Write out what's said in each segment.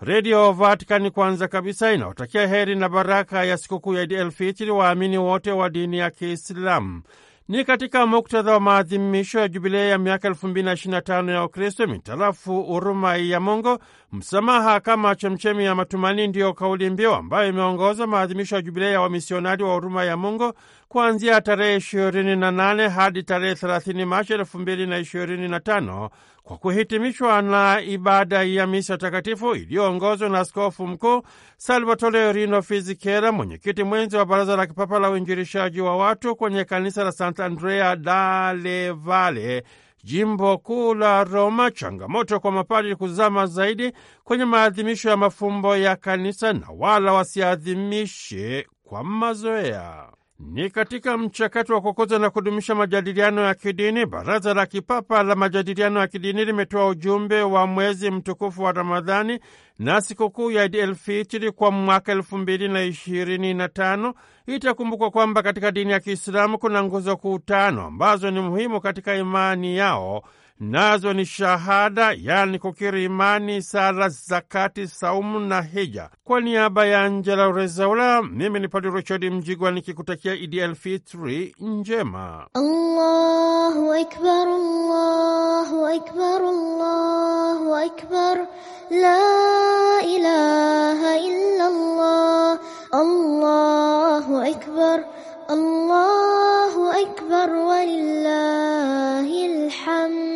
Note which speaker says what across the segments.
Speaker 1: Redio Vatikani kwanza kabisa inaotakia heri na baraka ya sikukuu ya Idi el Fitri waamini wote wa dini ya Kiislamu. Ni katika muktadha wa maadhimisho ya jubilei ya miaka 2025 ya Ukristo mitarafu huruma ya Mungu, msamaha kama chemchemi ya matumaini, ndiyo kauli mbiu ambayo imeongoza maadhimisho ya jubilei ya wamisionari wa huruma ya Mungu kuanzia tarehe 28 hadi tarehe 30 Machi 2025 kwa kuhitimishwa na ibada ya misa takatifu iliyoongozwa na askofu mkuu Salvatore Rino Fizikera, mwenyekiti mwenzi wa baraza la kipapa la uinjirishaji wa watu kwenye kanisa la Sant'Andrea dalle Valle, jimbo kuu la Roma, changamoto kwa mapadri kuzama zaidi kwenye maadhimisho ya mafumbo ya kanisa na wala wasiadhimishe kwa mazoea. Ni katika mchakato wa kukuza na kudumisha majadiliano ya kidini, Baraza la Kipapa la Majadiliano ya Kidini limetoa ujumbe wa mwezi mtukufu wa Ramadhani na sikukuu ya Idi el Fitri kwa mwaka elfu mbili na ishirini na tano. Itakumbukwa kwamba katika dini ya Kiislamu kuna nguzo kuu tano ambazo ni muhimu katika imani yao nazo ni shahada, yaani kukiri imani, sala, zakati, saumu na hija. Kwa niaba ya Angela Rezaula, mimi ni Padre Richard Mjigwa nikikutakia Idi el Fitri njema. Allahu Akbar,
Speaker 2: Allahu Akbar, Allahu Akbar, la ilaha illa Allah, Allahu
Speaker 3: Akbar, Allahu Akbar, walillahil
Speaker 1: hamd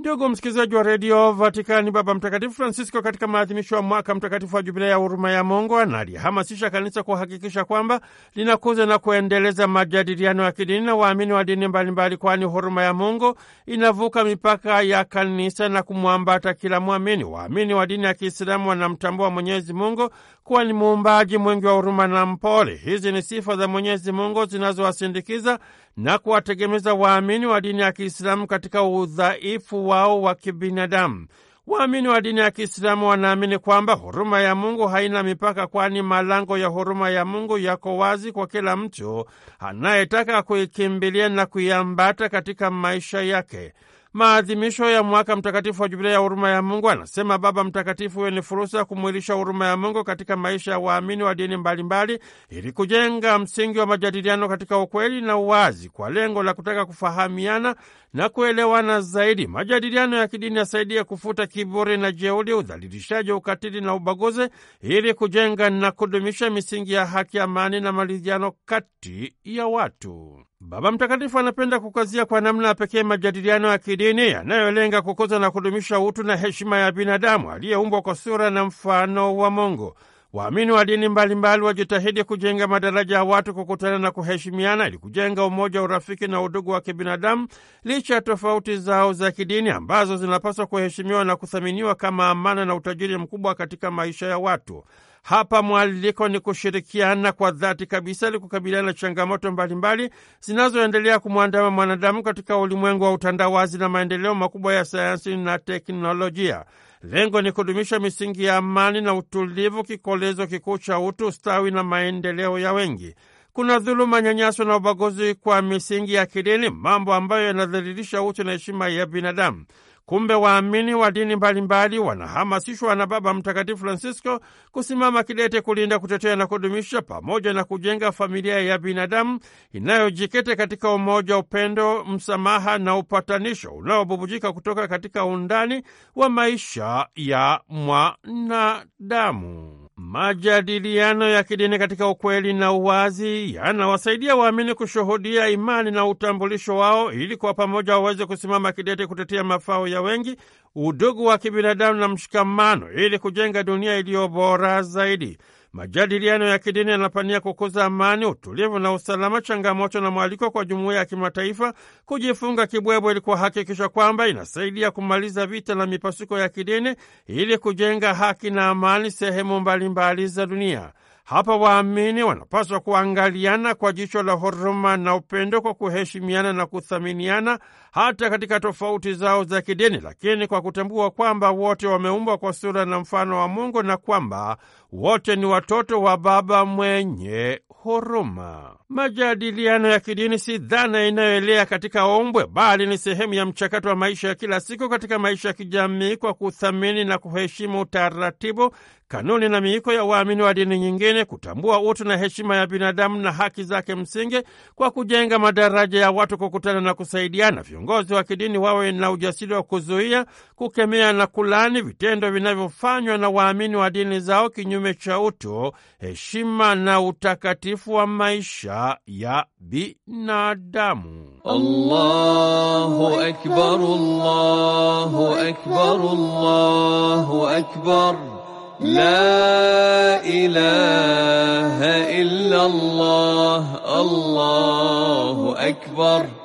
Speaker 1: Ndugu msikilizaji wa redio Vatikani, Baba Mtakatifu Francisco katika maadhimisho ya mwaka mtakatifu wa jubilea ya huruma ya Mungu analihamasisha kanisa kuhakikisha kwamba linakuza na kuendeleza majadiliano ya kidini na waamini wa dini mbalimbali, kwani huruma ya Mungu inavuka mipaka ya kanisa na kumwambata kila mwamini. Waamini wa dini ya Kiislamu wanamtambua Mwenyezi Mungu kuwa ni muumbaji mwingi wa huruma na mpole. Hizi ni sifa za Mwenyezi Mungu zinazowasindikiza na kuwategemeza waamini wa dini ya Kiislamu katika udhaifu wao wa kibinadamu. Waamini wa dini ya Kiislamu wanaamini kwamba huruma ya Mungu haina mipaka, kwani malango ya huruma ya Mungu yako wazi kwa kila mtu anayetaka kuikimbilia na kuiambata katika maisha yake maadhimisho ya mwaka mtakatifu wa Jubilia ya huruma ya Mungu, anasema Baba Mtakatifu, huyo ni fursa ya kumwilisha huruma ya Mungu katika maisha ya waamini wa dini mbalimbali, ili kujenga msingi wa majadiliano katika ukweli na uwazi, kwa lengo la kutaka kufahamiana na kuelewana zaidi. Majadiliano ya kidini yasaidia kufuta kiburi na jeuli udhalilishaji, ukatili na ubaguzi, ili kujenga na kudumisha misingi ya haki, amani na maridhiano kati ya watu. Baba Mtakatifu anapenda kukazia kwa namna pekee majadiliano ya kidini yanayolenga kukuza na kudumisha utu na heshima ya binadamu aliyeumbwa kwa sura na mfano wa Mungu. Waamini wa dini mbalimbali wajitahidi kujenga madaraja ya watu kukutana na kuheshimiana ili kujenga umoja, urafiki na udugu wa kibinadamu licha ya tofauti zao za kidini ambazo zinapaswa kuheshimiwa na kuthaminiwa kama amana na utajiri mkubwa katika maisha ya watu. Hapa mwaliko ni kushirikiana kwa dhati kabisa ili kukabiliana na changamoto mbalimbali zinazoendelea kumwandama mwanadamu katika ulimwengu wa utandawazi na maendeleo makubwa ya sayansi na teknolojia. Lengo ni kudumisha misingi ya amani na utulivu, kikolezo kikuu cha utu, ustawi na maendeleo ya wengi. Kuna dhuluma, nyanyaso na ubaguzi kwa misingi ya kidini, mambo ambayo yanadhalilisha utu na heshima ya binadamu. Kumbe waamini wa dini mbalimbali wanahamasishwa na Baba Mtakatifu Francisco kusimama kidete kulinda, kutetea na kudumisha pamoja na kujenga familia ya binadamu inayojikita katika umoja, upendo, msamaha na upatanisho unaobubujika kutoka katika undani wa maisha ya mwanadamu. Majadiliano ya kidini katika ukweli na uwazi yanawasaidia waamini kushuhudia imani na utambulisho wao ili kwa pamoja waweze kusimama kidete kutetea mafao ya wengi, udugu wa kibinadamu na mshikamano ili kujenga dunia iliyo bora zaidi. Majadiliano ya kidini yanapania kukuza amani, utulivu na usalama, changamoto na mwaliko kwa jumuiya ya kimataifa kujifunga kibwebwe ili kuhakikisha kwamba inasaidia kumaliza vita na mipasuko ya kidini ili kujenga haki na amani sehemu mbalimbali za dunia. Hapa waamini wanapaswa kuangaliana kwa jicho la huruma na upendo, kwa kuheshimiana na kuthaminiana hata katika tofauti zao za kidini, lakini kwa kutambua kwamba wote wameumbwa kwa sura na mfano wa Mungu na kwamba wote ni watoto wa Baba mwenye huruma. Majadiliano ya kidini si dhana inayoelea katika ombwe, bali ni sehemu ya mchakato wa maisha ya kila siku katika maisha ya kijamii, kwa kuthamini na kuheshimu taratibu, kanuni na miiko ya waamini wa dini nyingine, kutambua utu na heshima ya binadamu na haki zake msingi, kwa kujenga madaraja ya watu kukutana na kusaidiana. Viongozi wa kidini wawe na ujasiri wa kuzuia, kukemea na kulani vitendo vinavyofanywa na waamini wa dini zao kinyume kinyume cha utu, heshima na utakatifu wa maisha ya binadamu. Allahu akbar, Allahu akbar, Allahu akbar, la ilaha illa Allah, Allahu akbar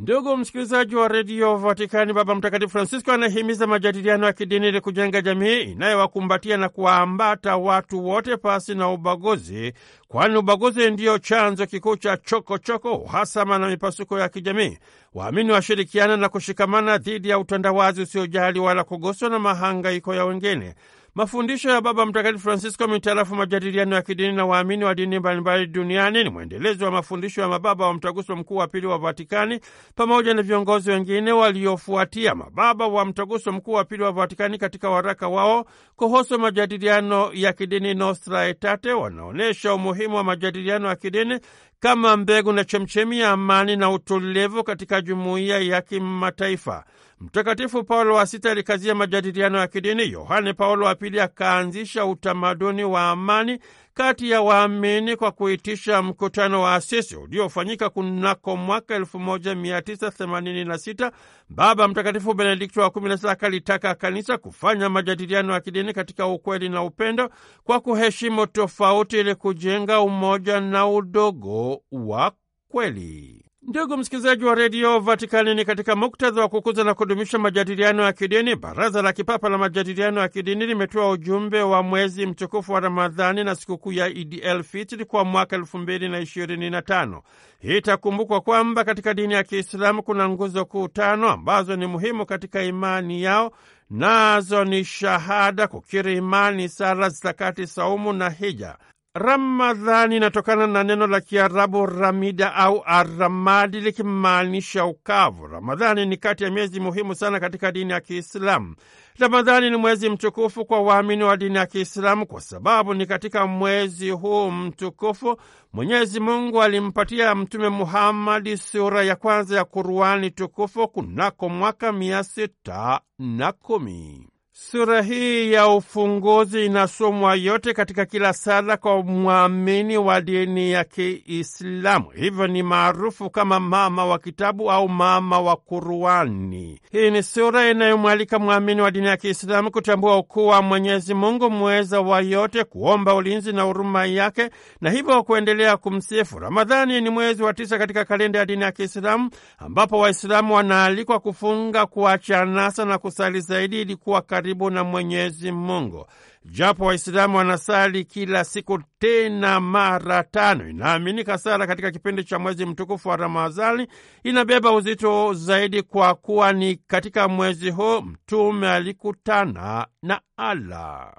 Speaker 1: Ndugu msikilizaji wa redio Vatikani, Baba Mtakatifu Francisco anahimiza majadiliano ya kidini ili kujenga jamii inayowakumbatia na kuwaambata watu wote pasi na ubaguzi, kwani ubaguzi ndiyo chanzo kikuu cha chokochoko, uhasama na mipasuko ya kijamii. Waamini washirikiana na kushikamana dhidi ya utandawazi usiojali wala kuguswa na mahangaiko ya wengine. Mafundisho ya Baba Mtakatifu Francisco mitarafu majadiliano ya kidini na waamini wa dini mbalimbali duniani ni mwendelezo wa mafundisho ya mababa wa Mtaguso Mkuu wa Pili wa Vatikani pamoja na viongozi wengine waliofuatia mababa wa Mtaguso Mkuu wa Pili wa Vatikani katika waraka wao kuhusu majadiliano ya kidini Nostra Aetate, wanaonyesha umuhimu wa majadiliano ya kidini kama mbegu na chemchemi ya amani na utulivu katika jumuiya ya kimataifa. Mtakatifu Paulo wa Sita alikazia majadiliano ya kidini. Yohane Paulo wa Pili akaanzisha utamaduni wa amani kati ya waamini kwa kuitisha mkutano wa Asisi uliofanyika kunako mwaka 1986. Baba Mtakatifu Benedikto wa 16 akalitaka kanisa kufanya majadiliano ya kidini katika ukweli na upendo kwa kuheshimu tofauti ili kujenga umoja na udogo wa kweli. Ndugu msikilizaji wa redio Vatikani, ni katika muktadha wa kukuza na kudumisha majadiliano ya kidini, baraza la kipapa la majadiliano ya kidini limetoa ujumbe wa mwezi mtukufu wa Ramadhani na sikukuu ya Idi el Fitri kwa mwaka elfu mbili na ishirini na tano. Hii itakumbukwa kwamba katika dini ya Kiislamu kuna nguzo kuu tano ambazo ni muhimu katika imani yao, nazo ni shahada, kukiri imani, sala, zakati, saumu na hija. Ramadhani inatokana na neno la Kiarabu ramida au aramadi likimaanisha ukavu. Ramadhani ni kati ya miezi muhimu sana katika dini ya Kiislamu. Ramadhani ni mwezi mtukufu kwa waamini wa dini ya Kiislamu kwa sababu ni katika mwezi huu mtukufu Mwenyezi Mungu alimpatia Mtume Muhammadi sura ya kwanza ya Kuruani tukufu kunako mwaka mia sita na kumi. Sura hii ya ufunguzi inasomwa yote katika kila sala kwa mwamini wa dini ya Kiislamu. Hivyo ni maarufu kama mama wa kitabu au mama wa Kuruani. Hii ni sura inayomwalika mwamini wa dini ya Kiislamu kutambua ukuu wa Mwenyezi Mungu mweza wa yote, kuomba ulinzi na huruma yake na hivyo kuendelea kumsifu. Ramadhani ni mwezi wa tisa katika kalenda ya dini ya Kiislamu ambapo Waislamu wanaalikwa kufunga, kuacha nasa na kusali zaidi ili kuwa karibu karibu na Mwenyezi Mungu. Japo Waislamu wanasali kila siku tena mara tano, inaaminika sala katika kipindi cha mwezi mtukufu wa Ramadhani inabeba uzito zaidi kwa kuwa ni katika mwezi huu Mtume alikutana na Allah.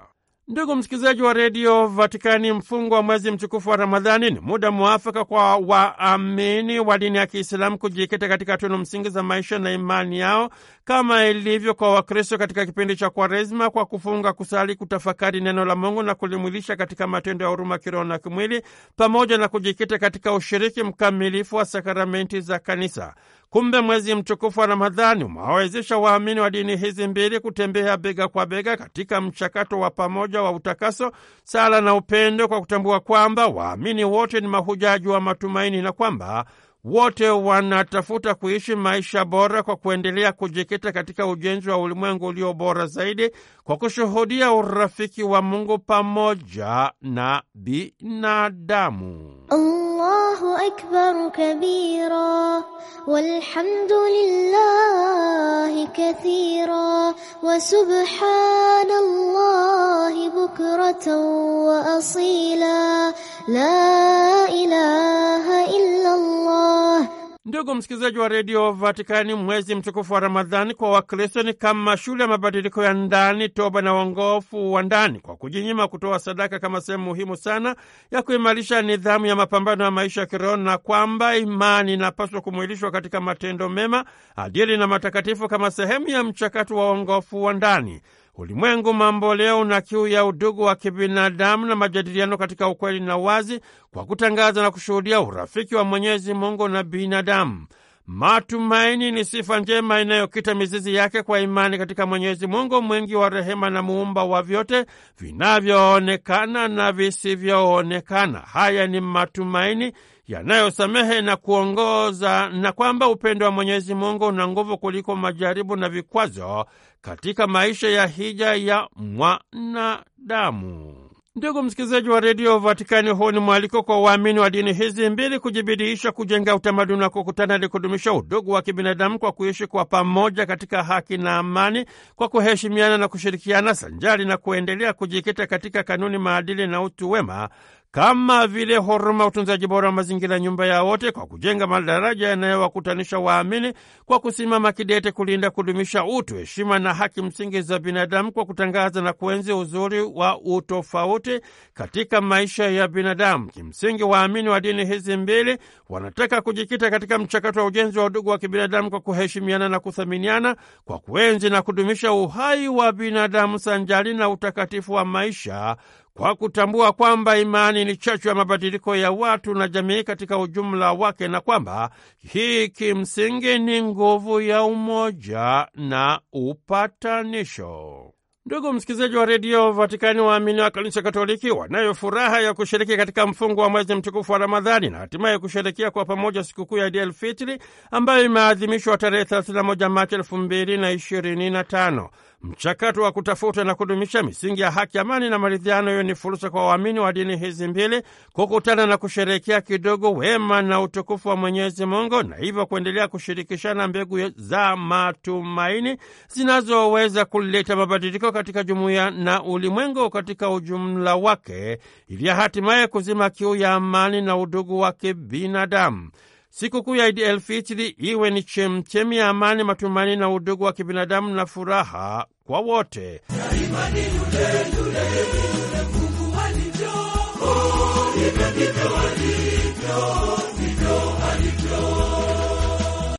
Speaker 1: Ndugu msikilizaji wa redio Vatikani, mfungo wa mwezi mtukufu wa Ramadhani ni muda mwafaka kwa waamini wa dini ya Kiislamu kujikita katika tunu msingi za maisha na imani yao kama ilivyo kwa Wakristo katika kipindi cha Kwaresma, kwa kufunga, kusali, kutafakari neno la Mungu na kulimwilisha katika matendo ya huruma kiroho na kimwili, pamoja na kujikita katika ushiriki mkamilifu wa sakramenti za Kanisa. Kumbe mwezi mtukufu wa Ramadhani umewawezesha waamini wa dini hizi mbili kutembea bega kwa bega katika mchakato wa pamoja wa utakaso, sala na upendo, kwa kutambua kwamba waamini wote ni mahujaji wa matumaini na kwamba wote wanatafuta kuishi maisha bora kwa kuendelea kujikita katika ujenzi wa ulimwengu ulio bora zaidi kwa kushuhudia urafiki wa Mungu pamoja na binadamu. Oh.
Speaker 2: الله أكبر كبيرا والحمد لله كثيرا وسبحان الله بكرة وأصيلا لا إله إلا الله
Speaker 1: Ndugu msikilizaji wa redio Vatikani, mwezi mtukufu wa Ramadhani kwa Wakristo ni kama shule ya mabadiliko ya ndani, toba na uongofu wa ndani, kwa kujinyima kutoa sadaka kama sehemu muhimu sana ya kuimarisha nidhamu ya mapambano ya maisha ya kiroho, na kwamba imani inapaswa kumwilishwa katika matendo mema, adili na matakatifu kama sehemu ya mchakato wa uongofu wa ndani. Ulimwengu mambo leo una kiu ya udugu wa kibinadamu na majadiliano katika ukweli na wazi, kwa kutangaza na kushuhudia urafiki wa Mwenyezi Mungu na binadamu. Matumaini ni sifa njema inayokita mizizi yake kwa imani katika Mwenyezi Mungu mwingi wa rehema na muumba wa vyote vinavyoonekana na visivyoonekana. Haya ni matumaini yanayosamehe na kuongoza, na kwamba upendo wa Mwenyezi Mungu una nguvu kuliko majaribu na vikwazo katika maisha ya hija ya mwanadamu. Ndugu msikilizaji wa redio Vatikani, huu ni mwaliko kwa waamini wa dini hizi mbili kujibidiisha kujenga utamaduni wa kukutana ili kudumisha udugu wa kibinadamu kwa kuishi kwa pamoja katika haki na amani, kwa kuheshimiana na kushirikiana sanjari na kuendelea kujikita katika kanuni, maadili na utu wema kama vile huruma, utunzaji bora wa mazingira, nyumba ya wote, kwa kujenga madaraja yanayowakutanisha waamini, kwa kusimama kidete kulinda, kudumisha utu, heshima na haki msingi za binadamu, kwa kutangaza na kuenzi uzuri wa utofauti katika maisha ya binadamu. Kimsingi, waamini wa dini hizi mbili wanataka kujikita katika mchakato wa ujenzi wa udugu wa kibinadamu kwa kuheshimiana na kuthaminiana, kwa kuenzi na kudumisha uhai wa binadamu sanjari na utakatifu wa maisha kwa kutambua kwamba imani ni chachu ya mabadiliko ya watu na jamii katika ujumla wake na kwamba hii kimsingi ni nguvu ya umoja na upatanisho. Ndugu msikilizaji wa redio Vatikani, waamini wa kanisa Katoliki wanayo furaha ya kushiriki katika mfungo wa mwezi mtukufu wa Ramadhani na hatimaye kusherekea kwa pamoja sikukuu ya Idi Fitri ambayo imeadhimishwa tarehe 31 Machi 2025. Mchakato wa kutafuta na kudumisha misingi ya haki, amani na maridhiano, hiyo ni fursa kwa waamini wa dini hizi mbili kukutana na kusherehekea kidogo wema na utukufu wa Mwenyezi Mungu, na hivyo kuendelea kushirikishana mbegu za matumaini zinazoweza kuleta mabadiliko katika jumuiya na ulimwengu katika ujumla wake, ili hatimaye kuzima kiu ya amani na udugu wa kibinadamu. Sikukuu ya Idi Elfitiri iwe ni chemchemi ya amani, matumaini na udugu wa kibinadamu na furaha kwa wote.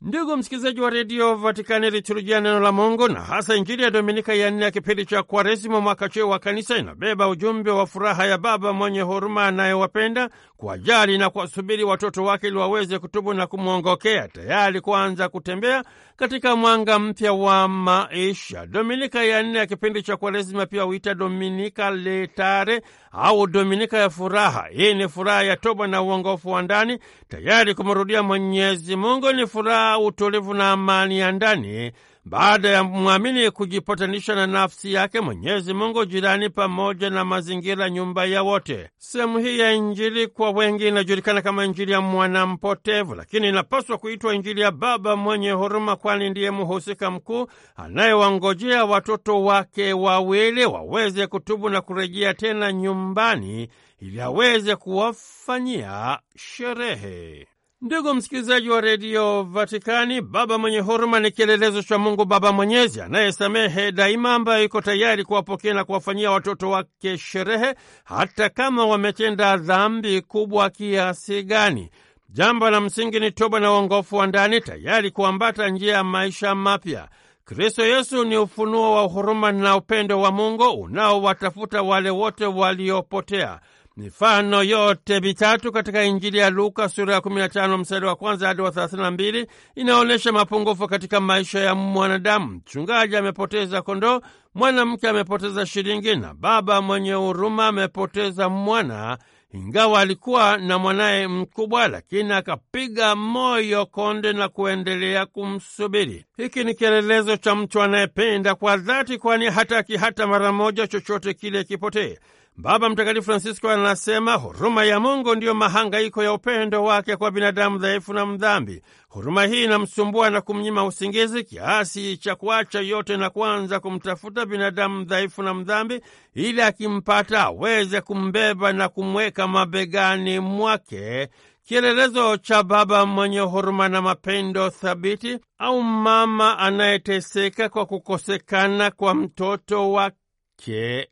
Speaker 1: Ndugu msikilizaji wa redio Vatikani, liturujia neno la Mungu na hasa Injili ya Dominika ya nne ya kipindi cha Kwaresima mwaka C wa kanisa inabeba ujumbe wa furaha ya Baba mwenye huruma anayewapenda kuwajali na kuwasubiri watoto wake ili waweze kutubu na kumwongokea, tayari kuanza kutembea katika mwanga mpya wa maisha. Dominika ya nne ya kipindi cha Kwaresima pia huita Dominika Letare au Dominika ya furaha. Hii ni furaha ya toba na uongofu wa ndani, tayari kumrudia Mwenyezi Mungu. Ni furaha, utulivu na amani ya ndani baada ya mwamini kujipatanisha na nafsi yake Mwenyezi Mungu, jirani, pamoja na mazingira, nyumba ya wote. Sehemu hii ya Injili kwa wengi inajulikana kama Injili ya mwanampotevu, lakini inapaswa kuitwa Injili ya baba mwenye huruma, kwani ndiye mhusika mkuu anayewangojea watoto wake wawili waweze kutubu na kurejea tena nyumbani ili aweze kuwafanyia sherehe. Ndugu msikilizaji wa redio Vatikani, Baba mwenye huruma ni kielelezo cha Mungu Baba mwenyezi anayesamehe daima, ambaye iko tayari kuwapokea na kuwafanyia watoto wake sherehe, hata kama wametenda dhambi kubwa kiasi gani. Jambo la msingi ni toba na uongofu wa ndani, tayari kuambata njia ya maisha mapya. Kristo Yesu ni ufunuo wa huruma na upendo wa Mungu unaowatafuta wale wote waliopotea. Mifano yote mitatu katika Injili ya Luka sura ya 15 mstari wa kwanza hadi wa 32 inaonyesha mapungufu katika maisha ya mwanadamu. Mchungaji amepoteza kondoo, mwanamke amepoteza shilingi, na baba mwenye huruma amepoteza mwana. Ingawa alikuwa na mwanaye mkubwa, lakini akapiga moyo konde na kuendelea kumsubiri. Hiki ni kielelezo cha mtu anayependa kwa dhati, kwani hataki hata mara moja chochote kile kipotee. Baba Mtakatifu Francisco anasema huruma ya Mungu ndiyo mahangaiko ya upendo wake kwa binadamu dhaifu na mdhambi. Huruma hii inamsumbua na kumnyima usingizi kiasi cha kuacha yote na kuanza kumtafuta binadamu dhaifu na mdhambi, ili akimpata aweze kumbeba na kumweka mabegani mwake, kielelezo cha baba mwenye huruma na mapendo thabiti, au mama anayeteseka kwa kukosekana kwa mtoto wake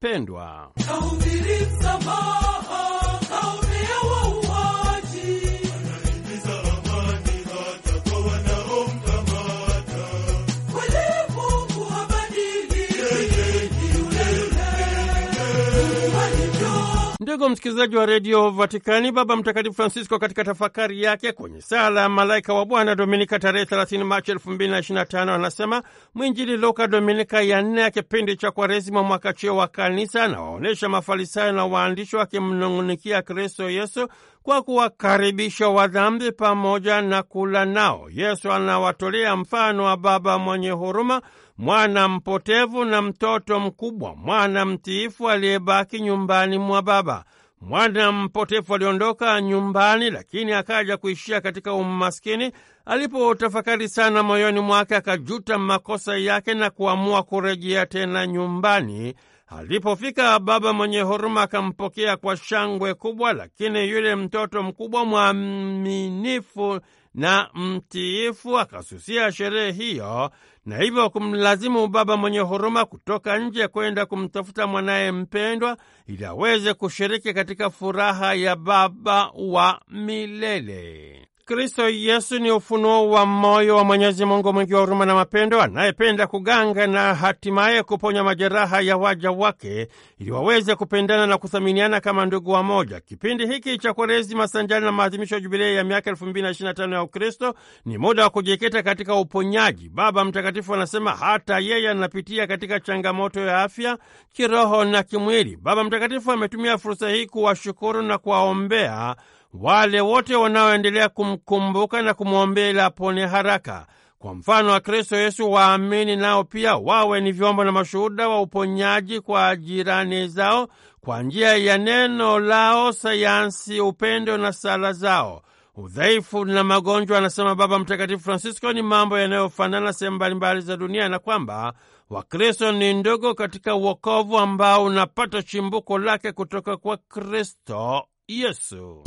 Speaker 1: pendwa Ndugu msikilizaji wa redio Vatikani, Baba Mtakatifu Francisco katika tafakari yake kwenye sala malaika wa Bwana Dominika tarehe 30 Machi 2025 anasema mwinjili Luka Dominika ya nne ya kipindi cha Kwaresima mwaka wa Kanisa anawaonyesha Mafarisayo na waandishi wakimnung'unikia Kristo Yesu kwa kuwakaribisha wadhambi pamoja na kula nao. Yesu anawatolea mfano wa baba mwenye huruma, mwana mpotevu na mtoto mkubwa, mwana mtiifu aliyebaki nyumbani mwa baba. Mwana mpotefu aliondoka nyumbani, lakini akaja kuishia katika umaskini. Alipotafakari sana moyoni mwake, akajuta makosa yake na kuamua kurejea tena nyumbani Alipofika baba mwenye huruma akampokea kwa shangwe kubwa, lakini yule mtoto mkubwa mwaminifu na mtiifu akasusia sherehe hiyo, na hivyo kumlazimu baba mwenye huruma kutoka nje kwenda kumtafuta mwanaye mpendwa ili aweze kushiriki katika furaha ya baba wa milele. Kristo Yesu ni ufunuo wa moyo wa Mwenyezi Mungu mwingi wa huruma na mapendo, anayependa kuganga na hatimaye kuponya majeraha ya waja wake ili waweze kupendana na kuthaminiana kama ndugu wa moja. Kipindi hiki cha Kwaresima sanjari na maadhimisho ya jubilei ya miaka 2025 ya Ukristo ni muda wa kujikita katika uponyaji. Baba Mtakatifu anasema hata yeye anapitia katika changamoto ya afya kiroho na kimwili. Baba Mtakatifu ametumia fursa hii kuwashukuru na kuwaombea wale wote wanaoendelea kumkumbuka na kumwombea ili apone haraka. Kwa mfano wa Kristo Yesu, waamini nao pia wawe ni vyombo na mashuhuda wa uponyaji kwa jirani zao kwa njia ya neno lao, sayansi, upendo na sala zao. Udhaifu na magonjwa, anasema Baba Mtakatifu Francisco, ni mambo yanayofanana sehemu mbalimbali za dunia na kwamba Wakristo ni ndogo katika uokovu ambao unapata chimbuko lake kutoka kwa Kristo Yesu.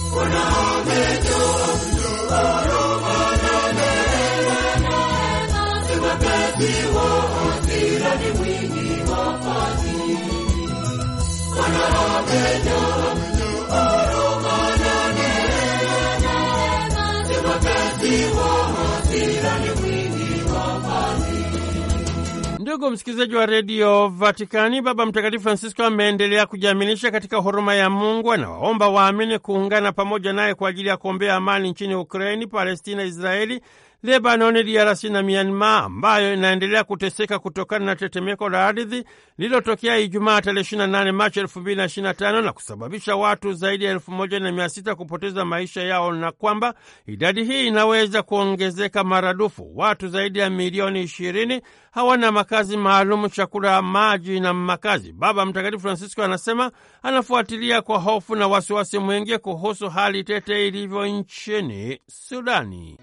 Speaker 1: Ndugu msikilizaji wa redio Vatikani, Baba Mtakatifu Francisco ameendelea kujiaminisha katika huruma ya Mungu. Anawaomba waamini kuungana pamoja naye kwa ajili ya kuombea amani nchini Ukraini, Palestina, Israeli Lebanoni, DRC na Myanmar ambayo inaendelea kuteseka kutokana na tetemeko la ardhi lililotokea Ijumaa tarehe 28 Machi 2025 na kusababisha watu zaidi ya 1600 kupoteza maisha yao na kwamba idadi hii inaweza kuongezeka maradufu. Watu zaidi ya milioni 20 hawana makazi maalum, chakula, maji na makazi. Baba Mtakatifu Francisco anasema anafuatilia kwa hofu na wasiwasi mwingi kuhusu hali tete ilivyo nchini Sudani.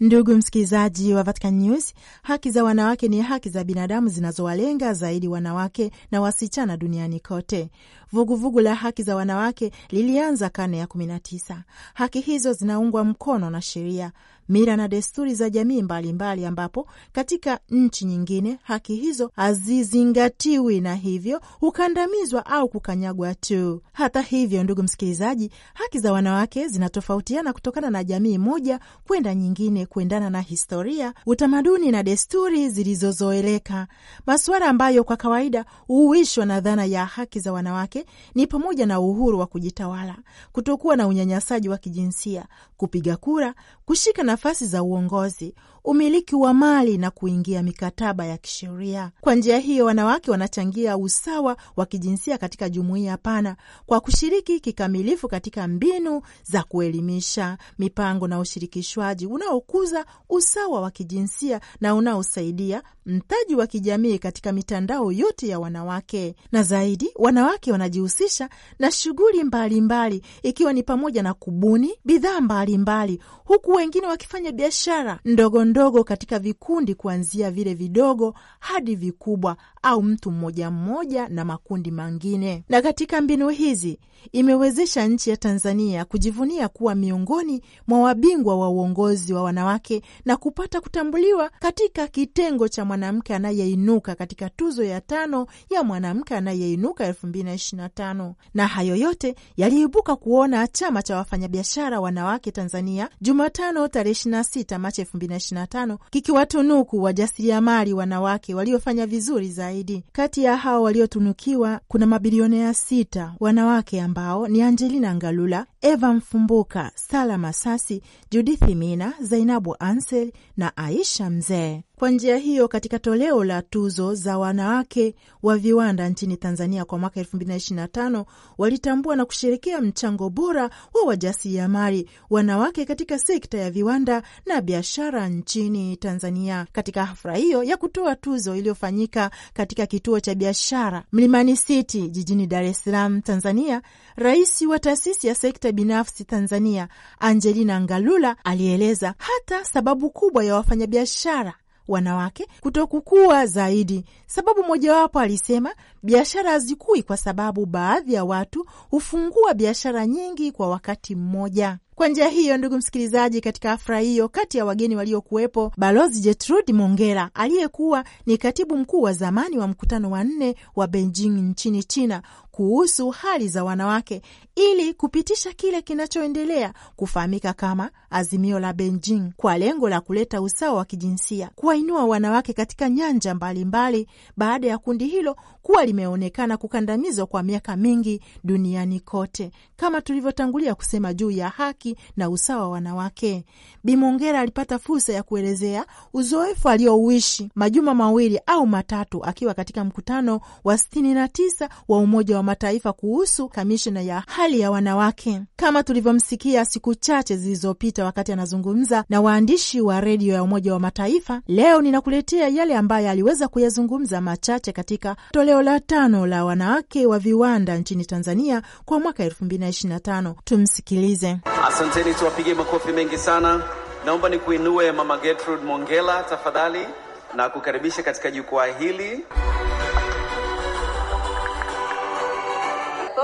Speaker 2: Ndugu msikilizaji wa Vatican News, haki za wanawake ni haki za binadamu zinazowalenga zaidi wanawake na wasichana duniani kote. Vuguvugu vugu la haki za wanawake lilianza karne ya 19. Haki hizo zinaungwa mkono na sheria, mila na desturi za jamii mbalimbali mbali, ambapo katika nchi nyingine haki hizo hazizingatiwi na hivyo hukandamizwa au kukanyagwa tu. Hata hivyo, ndugu msikilizaji, haki za wanawake zinatofautiana kutokana na jamii moja kwenda nyingine, kuendana na historia, utamaduni na desturi zilizozoeleka. Masuala ambayo kwa kawaida huishwa na dhana ya haki za wanawake ni pamoja na uhuru wa kujitawala, kutokuwa na unyanyasaji wa kijinsia, kupiga kura, kushika na nafasi za uongozi umiliki wa mali na kuingia mikataba ya kisheria. Kwa njia hiyo, wanawake wanachangia usawa wa kijinsia katika jumuiya pana kwa kushiriki kikamilifu katika mbinu za kuelimisha, mipango na ushirikishwaji unaokuza usawa wa kijinsia na unaosaidia mtaji wa kijamii katika mitandao yote ya wanawake. Na zaidi, wanawake wanajihusisha na shughuli mbalimbali, ikiwa ni pamoja na kubuni bidhaa mbalimbali, huku wengine wakifanya biashara ndogo ndogo katika vikundi kuanzia vile vidogo hadi vikubwa au mtu mmoja mmoja na makundi mengine. Na katika mbinu hizi imewezesha nchi ya Tanzania kujivunia kuwa miongoni mwa wabingwa wa uongozi wa wanawake na kupata kutambuliwa katika kitengo cha mwanamke anayeinuka katika tuzo ya tano ya mwanamke anayeinuka 2025. Na hayo yote yaliibuka kuona chama cha wafanyabiashara wanawake Tanzania Jumatano tarehe 26 Machi 2025 2015 kikiwatunuku wajasiriamali wanawake waliofanya vizuri zaidi. Kati ya hao waliotunukiwa kuna mabilionea sita wanawake ambao ni Angelina Ngalula, Eva Mfumbuka, Sala Masasi, Judithi Mina, Zainabu Ansel na Aisha Mzee. Kwa njia hiyo, katika toleo la tuzo za wanawake wa viwanda nchini Tanzania kwa mwaka 2025 walitambua na kusherekea mchango bora wa wajasiriamali wanawake katika sekta ya viwanda na biashara nchini Tanzania. Katika hafla hiyo ya kutoa tuzo iliyofanyika katika kituo cha biashara Mlimani City jijini Dar es Salaam, Tanzania, rais wa taasisi ya sekta binafsi Tanzania Angelina Ngalula alieleza hata sababu kubwa ya wafanyabiashara wanawake kutokukua zaidi. Sababu mojawapo alisema, biashara hazikui kwa sababu baadhi ya watu hufungua biashara nyingi kwa wakati mmoja. Kwa njia hiyo, ndugu msikilizaji, katika afra hiyo, kati ya wageni waliokuwepo balozi Gertrude Mongera aliyekuwa ni katibu mkuu wa zamani wa mkutano wa nne wa Beijing nchini China kuhusu hali za wanawake ili kupitisha kile kinachoendelea kufahamika kama azimio la Beijing kwa lengo la kuleta usawa wa kijinsia, kuwainua wanawake katika nyanja mbalimbali mbali, baada ya kundi hilo kuwa limeonekana kukandamizwa kwa miaka mingi duniani kote kama tulivyotangulia kusema juu ya haki na usawa wa wanawake. Bimongera alipata fursa ya kuelezea uzoefu aliouishi majuma mawili au matatu akiwa katika mkutano wa 69 wa Umoja wa Mataifa kuhusu kamishna ya hali ya wanawake, kama tulivyomsikia siku chache zilizopita wakati anazungumza na waandishi wa redio ya Umoja wa Mataifa. Leo ninakuletea yale ambayo aliweza kuyazungumza machache katika toleo la tano la wanawake wa viwanda nchini Tanzania kwa mwaka elfu mbili 2025. Tumsikilize.
Speaker 1: Asanteni, tuwapige makofi mengi sana. Naomba nikuinue Mama Gertrude Mongela tafadhali,
Speaker 3: na kukaribisha katika jukwaa hili.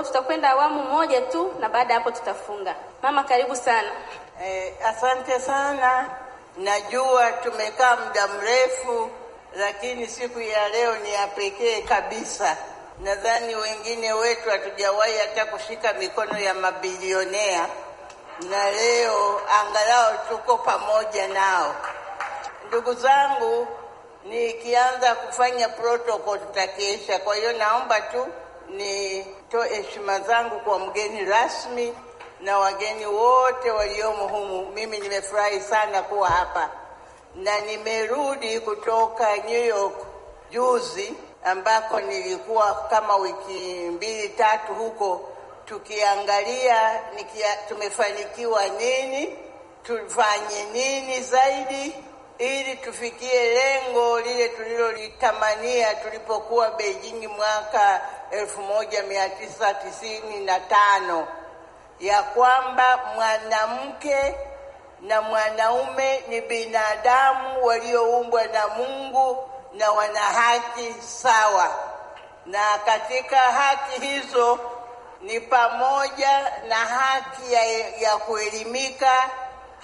Speaker 3: Tutakwenda awamu moja tu na baada ya hapo tutafunga. Mama, karibu sana. Eh, asante sana. Najua tumekaa muda mrefu, lakini siku ya leo ni ya pekee kabisa. Nadhani wengine wetu hatujawahi hata kushika mikono ya mabilionea, na leo angalau tuko pamoja nao. Ndugu zangu, nikianza kufanya protokol tutakiisha. Kwa hiyo naomba tu nitoe heshima zangu kwa mgeni rasmi na wageni wote waliomo humu. Mimi nimefurahi sana kuwa hapa na nimerudi kutoka New York juzi ambako nilikuwa kama wiki mbili tatu huko, tukiangalia nikia, tumefanikiwa nini, tufanye nini zaidi ili tufikie lengo lile tulilolitamania tulipokuwa Beijing mwaka elfu moja mia tisa tisini na tano ya kwamba mwanamke na mwanaume ni binadamu walioumbwa na Mungu na wana haki sawa, na katika haki hizo ni pamoja na haki ya, ya kuelimika,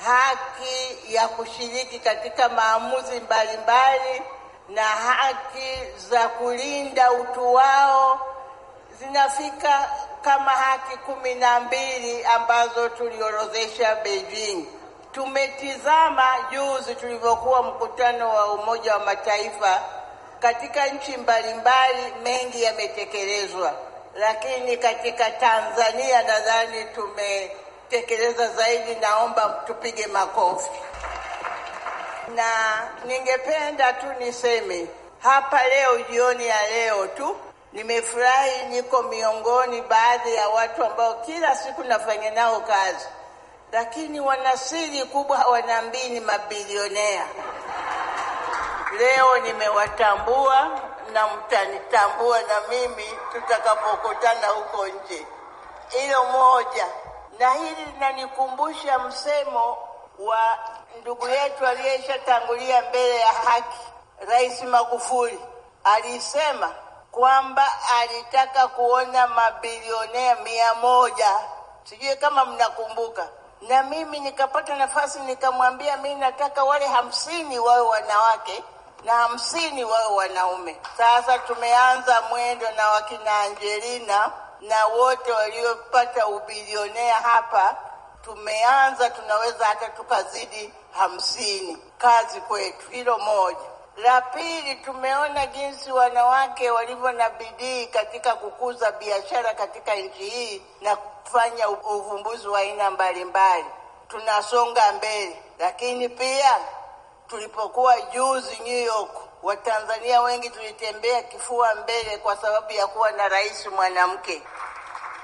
Speaker 3: haki ya kushiriki katika maamuzi mbalimbali mbali, na haki za kulinda utu wao zinafika kama haki kumi na mbili ambazo tuliorodhesha Beijing. Tumetizama juzi tulivyokuwa mkutano wa Umoja wa Mataifa katika nchi mbalimbali, mengi yametekelezwa, lakini katika Tanzania nadhani tumetekeleza zaidi. Naomba tupige makofi. Na ningependa tu niseme hapa leo, jioni ya leo tu nimefurahi, niko miongoni baadhi ya watu ambao kila siku nafanya nao kazi lakini wanasiri kubwa hawanaambii ni mabilionea. Leo nimewatambua na mtanitambua na mimi tutakapokutana huko nje. Hilo moja, na hili linanikumbusha msemo wa ndugu yetu aliyeshatangulia mbele ya haki, Rais Magufuli alisema kwamba alitaka kuona mabilionea mia moja. Sijui kama mnakumbuka na mimi nikapata nafasi nikamwambia, mimi nataka wale hamsini wawe wanawake na hamsini wawe wanaume. Sasa tumeanza mwendo na wakina Angelina na wote waliopata ubilionea hapa, tumeanza tunaweza hata tukazidi hamsini. Kazi kwetu, hilo moja. La pili, tumeona jinsi wanawake walivyo na bidii katika kukuza biashara katika nchi hii na fanya uvumbuzi wa aina mbalimbali, tunasonga mbele. Lakini pia tulipokuwa juzi New York, Watanzania wengi tulitembea kifua mbele kwa sababu ya kuwa na rais mwanamke,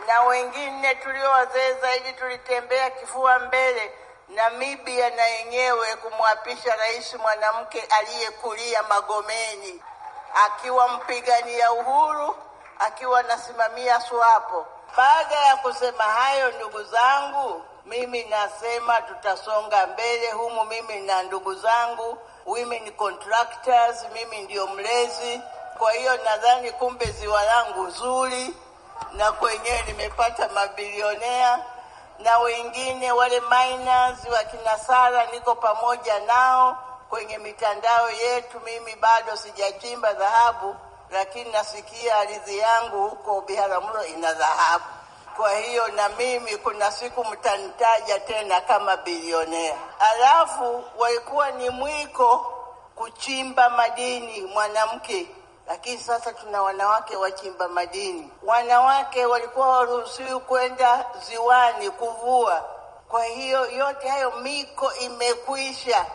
Speaker 3: na wengine tulio wazee zaidi tulitembea kifua mbele Namibia na yenyewe kumwapisha rais mwanamke aliyekulia Magomeni, akiwa mpigania uhuru, akiwa nasimamia SWAPO. Baada ya kusema hayo, ndugu zangu, mimi nasema tutasonga mbele humu, mimi na ndugu zangu women contractors, mimi ndio mlezi. Kwa hiyo nadhani kumbe ziwa langu zuri na kwenyewe nimepata mabilionea na wengine wale miners wakina Sara, niko pamoja nao kwenye mitandao yetu. Mimi bado sijachimba dhahabu lakini nasikia ardhi yangu huko Biharamulo ina dhahabu. Kwa hiyo na mimi kuna siku mtanitaja tena kama bilionea. Alafu walikuwa ni mwiko kuchimba madini mwanamke, lakini sasa tuna wanawake wachimba madini. Wanawake walikuwa waruhusiwi kwenda ziwani kuvua. Kwa hiyo yote hayo miko imekwisha.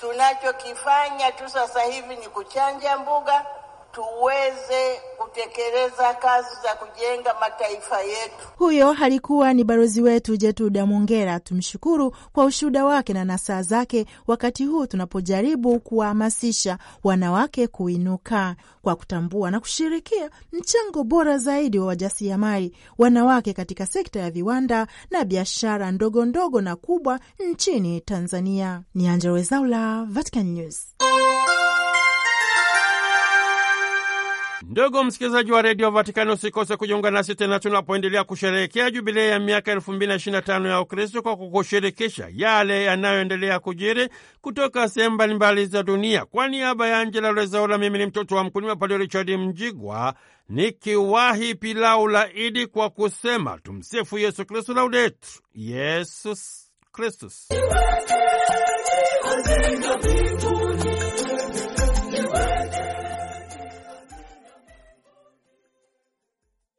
Speaker 3: Tunachokifanya tu sasa hivi ni kuchanja mbuga tuweze kutekeleza kazi za kujenga mataifa yetu.
Speaker 2: Huyo alikuwa ni balozi wetu Jetuda Mongera. Tumshukuru kwa ushuhuda wake na nasaha zake wakati huu tunapojaribu kuwahamasisha wanawake kuinuka kwa kutambua na kushirikia mchango bora zaidi wa wajasiriamali wanawake katika sekta ya viwanda na biashara ndogo ndogo na kubwa nchini Tanzania. Ni Angella Rwezaula, Vatican News.
Speaker 1: Ndugu msikilizaji wa redio Vatikani, usikose kujiunga nasi tena tunapoendelea kusherehekea jubilei ya miaka 2025 ya Ukristo kwa kukushirikisha yale yanayoendelea kujiri kutoka sehemu mbalimbali za dunia. Kwa niaba ya Angela Rezaula, mimi ni mtoto wa mkulima Padre Richard Mjigwa nikiwahi pilau la Idi kwa kusema tumsifu Yesu Kristu, laudetu Yesus Kristus.